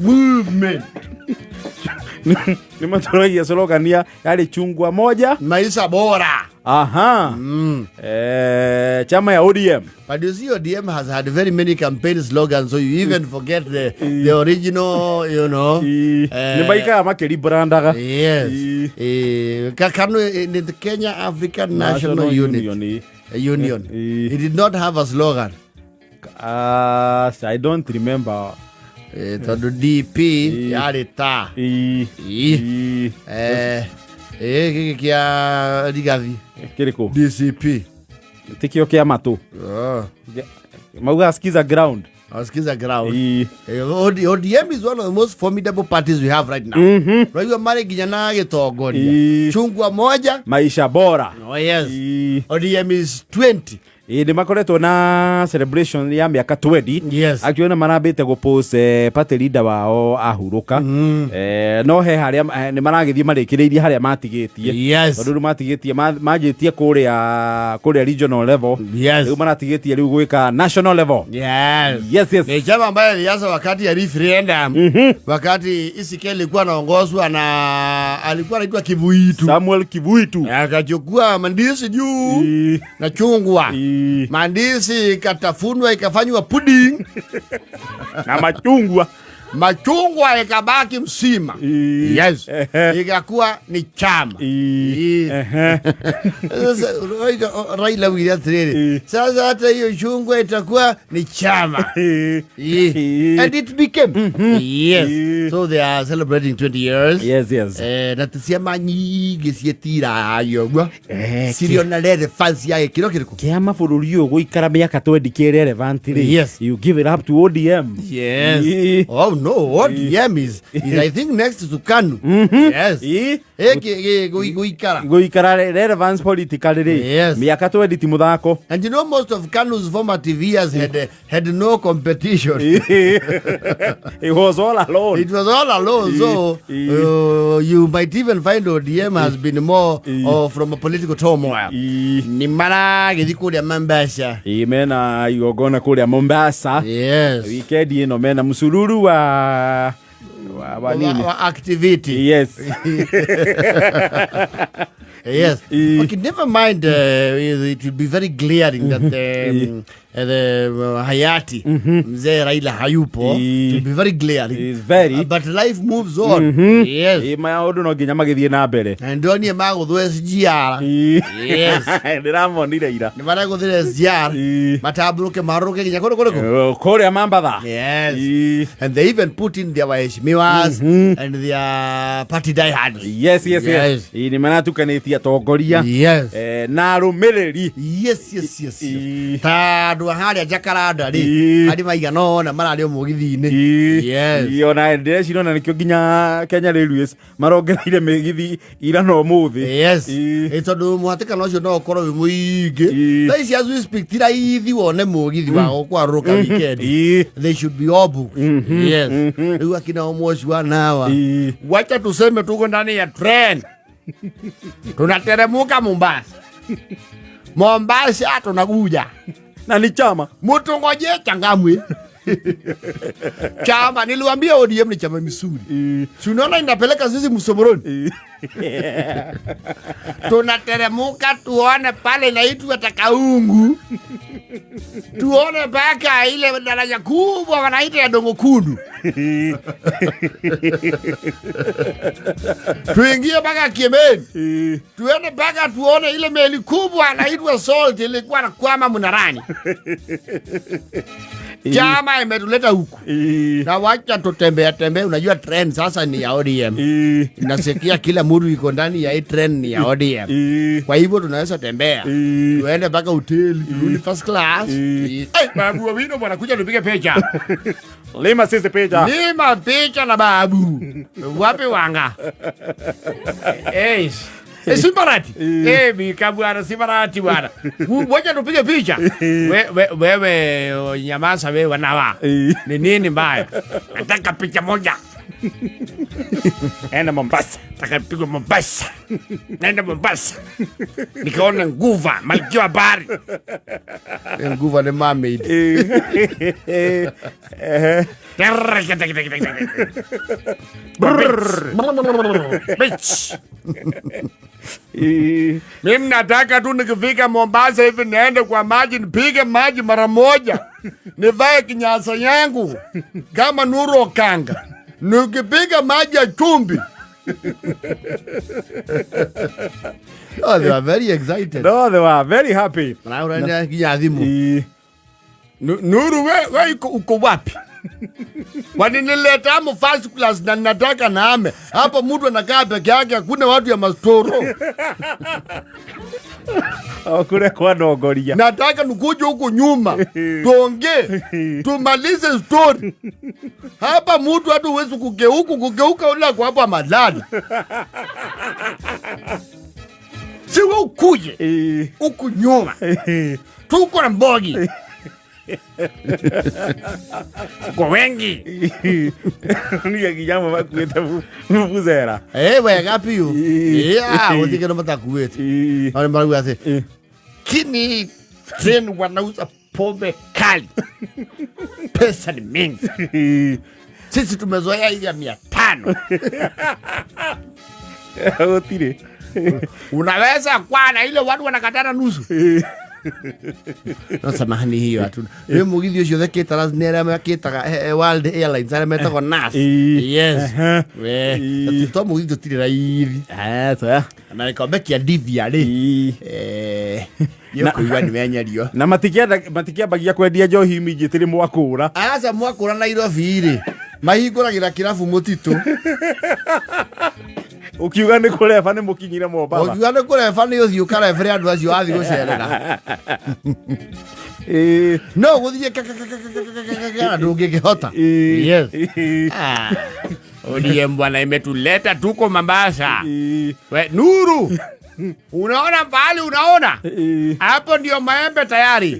Movement. Ni matorogi ya solokania yale chungwa moja maisha bora. Aha. Mm. Eh, chama ya ODM. But you see ODM has had very many campaign slogans so you even forget the, the original, you know. Eh. Ni baika makeri brandaga. Yes. Eh, kakano in the Kenya African National, National Unit. Union. Union. It did not have a slogan. Uh, I don't remember. E, tondå dp yarä ta gä gä kä a rigathi kä rä kå dcp tä kä o kä a matå mauga skiza ground Skiza ground. E. is one of the most formidable parties we have right now. Mhm. mare na gitongoria. E. Chungwa moja. Maisha bora. Oh yes. E. ODM is 20. Ĩndĩ makoretwo na celebration ya miaka 20 yes. akiona marambite gå post eh, party wao ahurũka mm. Eh, no he harĩa eh, nĩ maragĩthiĩ marĩkĩrĩirie harĩa matigĩtie yes. tondũ rĩu matigĩtie manjĩtie kũrĩa kũrĩa regional level yes. rĩu maratigĩtie rĩu gwĩka national level yes. Yes, yes. ni chama ambayo ilianza wakati ya referendum mhm. mm -hmm. wakati Isike alikuwa anaongozwa na alikuwa anaitwa Kivuitu Samuel Kivuitu akachukua mandizi juu na chungwa mandizi ikatafunwa ikafanywa pudding na machungwa machungwa ikabaki msima yes. ikakuwa ni chama Raila William Nyerere. Sasa hata hiyo chungwa itakuwa ni chama and it became mm -hmm. yes. so they are celebrating 20 years yes, yes. Eh, na ciama nyingĩ ciĩtiragio eh, sirio na relevance fans yae kĩrĩkũ kĩa kia ũyũ gũikara mĩaka 20 kĩ relevant yes. you give it up to ODM yes. oh, know what yam is. is I think next to Kanu. Mm -hmm. Yes. Eh, relevance yes. miaka muthako and you know most of Kanu's formative years had, had no competition it was all alone it was all alone so uh, you might even find ODM has been more uh, from a political turmoil ni maragĩthi kũrĩa Mombasa mena igongona kũrĩa Mombasa yes. wikendi ĩno mena mũsururu wa uh, wa wa activity yes yes okay never mind uh, it will be very glaring that um, Eh, the, uh, hayati mm -hmm. mzee Raila hayupo e... be very clear very... Uh, but life moves on mm -hmm. yes e, maundu no ginya magithie na mbere ndonie maguthwo SGR e... yes ndiramonire ira ni mara maraguthire SGR e... matamburuke ginya nginya kuri kuri uh, eh, kuria mambatha yes e... and they even put in their waheshimiwas mm -hmm. and their party diehards yes yes yes, yes. E, ni maratukanitie atongoria yes eh, na arumiriri yes yes yes, yes. E... Tadu andu a haria jakaranda ri ari maigana ona marari mugithi-ini yes ona ndireciria ona nikio nginya Kenya Railways marongereire migithi ira no muthi yes tondu muhatikano ucio no ukorwo wi muingi tha ici as we speak tira ithi wone mugithi wa mm. gukwaruruka mm-hmm. weekend they should be all booked mm-hmm. yes mm-hmm. riu akina omwoci wa nawa wacha tuseme tuko ndani ya train tunateremuka Mombasa Mombasa tunakuja na ni chama mutungoje changamwe chama niliwambia ODM ni chama misuri, eh. tunaona inapeleka sisi msomoroni. Eh. Tunateremuka tuone pale naitwa Takaungu, tuone mpaka ile daraja kubwa wanaita ya Dongo Kundu, tuingie mpaka Kiemeni, eh. tuende mpaka tuone ile meli kubwa anaitwa Salt ilikuwa nakwama Mnarani chama imetuleta huku na wacha tutembea tembea. Unajua trend sasa ni ya ODM, nasikia kila mtu iko ndani ya hii trend ni ya ODM. Kwa hivyo tunaweza tembea tuende mpaka hoteli turudi first class. Babu wino bwana, kuja tupige picha, lima sisi picha, lima picha na babu wapi wanga E, si mbarati e, Mika bwana, si mbarati bwana, ngoja tupige picha. Wewe eh. we, we, nyamaza wewe, nawa eh. ni nini mbaya? Nataka picha moja. Enda Mombasa, takapigwa Mombasa, naenda Mombasa nikaona nguva malkia habari nguva ni mermaid mimi nataka tu nikifika Mombasa hivi niende kwa maji nipige maji mara moja, nivae kinyasa yangu kama Nuru Okanga, nikipiga maji ya chumbi. No, they were very excited. No, they were very happy. Nuru, we uko wapi? Waninileta amu first class na ninataka naame. Hapo mtu anakaa peke yake, hakuna watu ya mastoro. Okure kwa nogoria. Nataka nikuje huku nyuma. Tuonge. Tumalize story. Hapa mtu hata huwezi kugeuka, kugeuka ula kwa hapa malali. Si wewe ukuje. Eh. Huku nyuma. Eh. Tuko na mbogi. Kwa wengi niga kijama bakweta mubuzera eh we gapi yo ya utige no matakuweta ale mbaru ase kini tren wanauza pombe kali pesa ni mingi sisi tumezoea ile ya mia tano utire unaweza kwa na ile watu wanakatana nusu no samahani hiyo hatuna rä eh. mugithi å cio thekä ta nä arä a makä taga eh, eh, arä a metagwo to må githi tå tirä raithi na gä kombe kä a ndithia rä kåigua nä menyerio na ambagia kwendia njohi mingä tä rä mwakå ra aca mwakå ra nairobi rä mahingå ragä ra kä rabu må titå ukiuga nä kå reba nä må kinyire mombasa kiuga nä kå reba nä å thiä karebere andå acio athiä gå cerera no gå thiä ndå tuko mambasa we nuru unaona unaona hapo ndio maembe tayari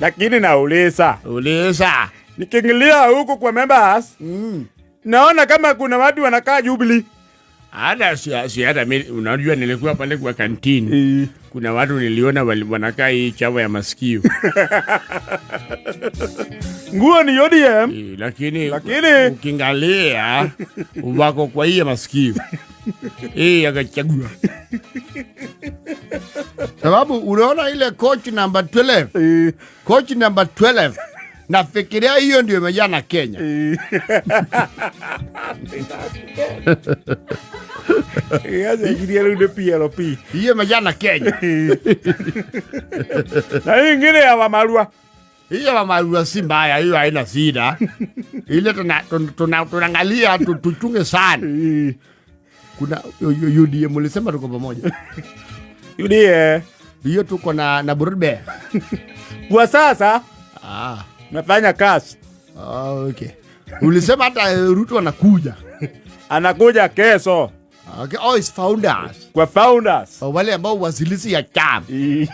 lakini na ulisa ulisa kwa members mm naona kama kuna watu wanakaa jubili Hata si si hata mimi, unajua nilikuwa pale kwa kantini, kuna watu niliona wanakaa hii chavo ya masikio nguo ni ODM e, lakini, lakini ukingalia wako kwa hii ya masikio e, akachagua sababu unaona ile coach number 12 coach number 12 Nafikiria hiyo ndio imejaa na Kenya. Yaani hiyo imejaa na Kenya. Na hii ingine ya wamarua Hiyo wamarua si mbaya, hiyo haina shida. Ile tunaangalia tuchunge sana. Kuna UDA mulisema tuko pamoja. UDA. Hiyo tuko na na burudbe Kwa sasa. Ah. Nafanya kazi. Oh, okay. Ulisema hata eh, Ruto anakuja. Anakuja kesho. Okay. Oh, it's founders. Kwa founders. Oh, wale ambao wazilizi ya chama.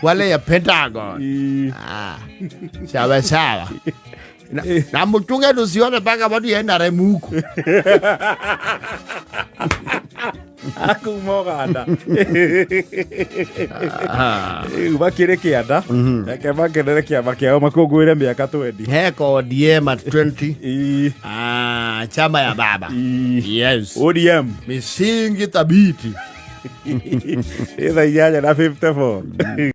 Wale ya Pentagon. Ah. Sawa sawa. Na, na mtunge nusione mpaka watu yaenda NRM huko. akumo ganda makirä kä anda reke makenere kä ama kä ao makångå ä re mä aka twendi heko odm at 20 ah, chama ya baba yes. odm misingi tabiti itha inyanya na 54